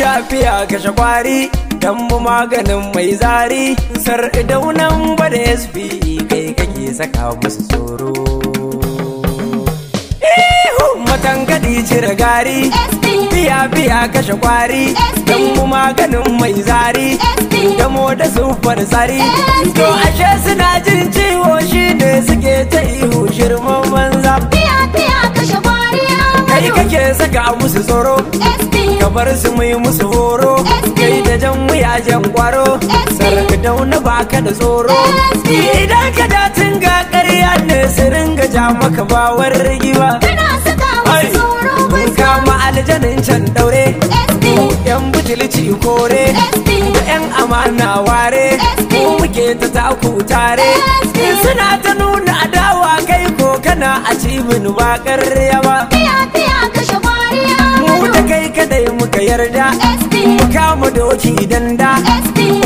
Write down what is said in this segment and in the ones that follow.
fiya kashe kwari dambu maganin mai zari sar daunan da sp kai kake saka musu tsoro matangadi jira gari fiya fiya kashe kwari dambu maganin mai zari gamo da sufar tsari to ashe suna jin ciwo shi ne suke ta ihu shirman manza. fiya fiya kashe kwari kai kake saka musu tsoro bar su musu horo kai da jan wuyajen kwaro sarki dauna baka da tsoro idan ka datin ga ƙarya ne su ringa ja maka bawar rigiwa mun kama aljanin can daure yan butulci kore da yan amana ware ko muke ta taku tare suna ta nuna adawa kai ko kana a cibin bakar yawa yarda mu kama doki idan da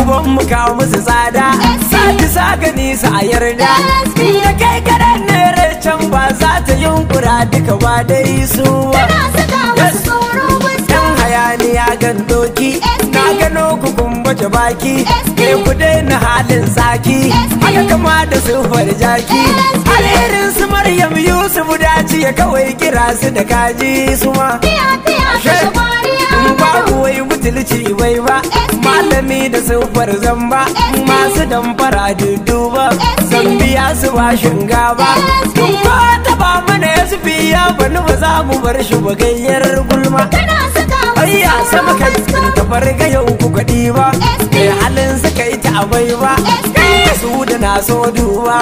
uban mu kawo musu tsada sati sagani sa a yarda da kai kaɗan ne can ba za ta yunkura duka ba dai su ba yan hayaniya gan doki na gano ku kumbace baki ke ku daina halin tsaki haka kama da sufar jaki alherin su maryam yusuf dace ya kawai kira su da kaji su ma wai butulci wai ba malami da sufar zamba masu damfara duduba zambiya su ba shingaba kun ko taba mana ya su biya bani ba za mu bar shi ba gayyar gulma ayya sama kai ka bar ga yau ku gadi ba kai halin su kai ta abai ba su da na so duba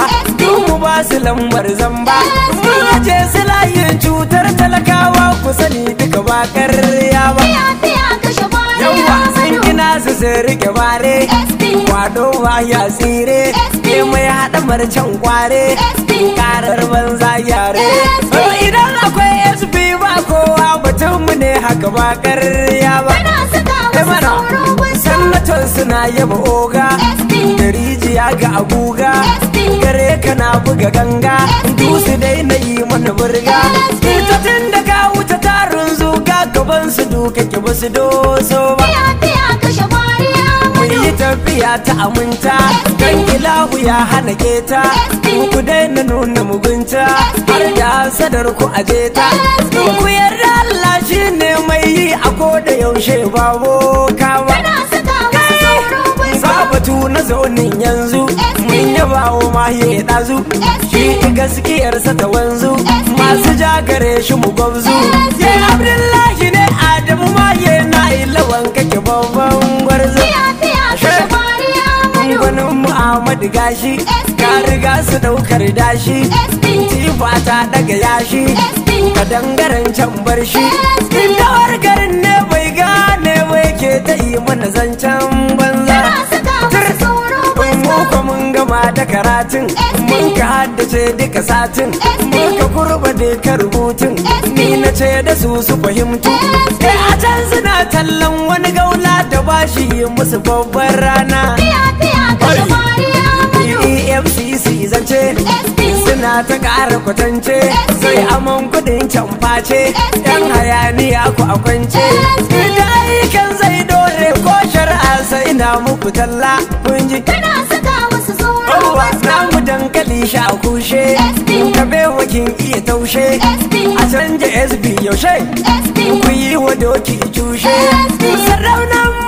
mu ba su lambar zamba mu je su layin cutar talakawa ku sani duka ba ƙarya ba ado ya tsire ne mai haɗa marcin kware karar banza yare idan akwai sp ba kowa batunmu ne haka ba ƙarya ba sannaton suna yaba oga da rijiya ga aguga gare ka na buga ganga dusu dai na yi mana burga tutun da ka wuce tarin zuga gaban su duka ki basu doso ba tarbiyya ta aminta dan ilahu ya hana keta ku daina nuna mugunta har da sadar ku a ta ku yarda Allah shine mai yi a da yaushe bawo kawa Sabatu na zaunin yanzu mun yaba wa mahiye ɗazu shi gaskiyar sa ta wanzu masu jagare shi mu gwabzu Ahmad gashi ka riga su daukar dashi tifa ta daga yashi ka dangaren can bar shi dawar garin ne bai gane mai ke ta yi mana zancen banza muka mun gama da karatun mun ka haddace duka satin mun ka kurba duka rubutun ni na ce da su su fahimtu sai a can suna tallan wani gaula da bashi musu babbar rana suna ta ƙara kwatance sai aman kudin can face yan hayaniya ku a kwance kan zai dole ko shari'a sai na muku talla kun ji kana saka wasu na mu dankali sha kushe be wakin iya taushe a canje sb yaushe ku yi wa doki tushe sarraunan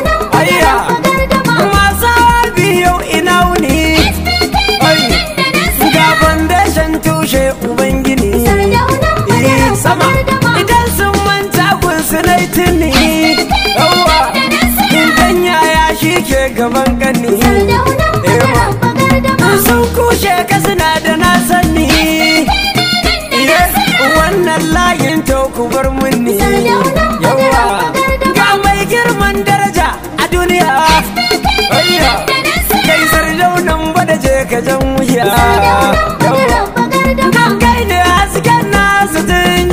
ku bar mun ga mai girman daraja a duniya kai sardaunan bada je ka jan wuya don kai ne hasken nasu tun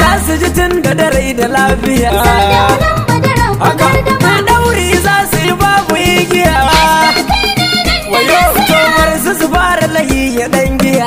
za su ji tun da darai da lafiya haka na za su babu igiya su fara lahi ya dan giya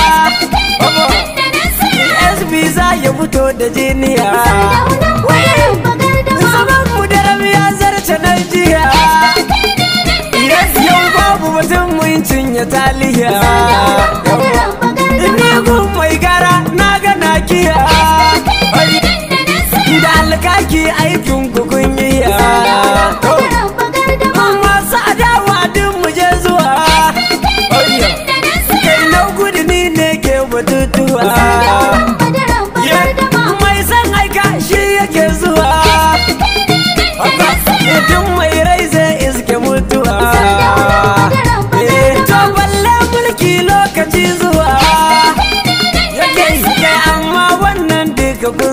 za ya fito da jiniya zaman mu da rami ya zarce na jiya yau babu mutum mun cinye taliya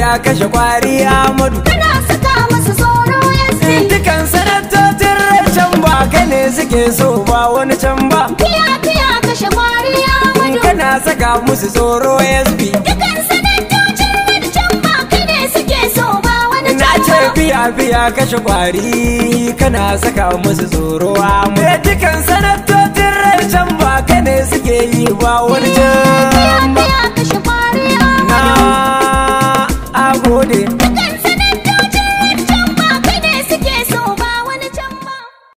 ya kashe kwari Amadu. Kana saka masa tsoro ya si. Eh. Dukan sanatocin rashin ba ka ne suke so ba wani can ba. Fiya fiya kashe kwari Amadu. Kana saka musu tsoro ya si. Eh. Dukan sanatocin rashin ba ka ne suke so ba wani can ba. Na ce fiya fiya kashe kwari kana saka musu tsoro Amadu. Eh, dukan sanatocin rashin ba ka ne suke yi ba wani can ba. gode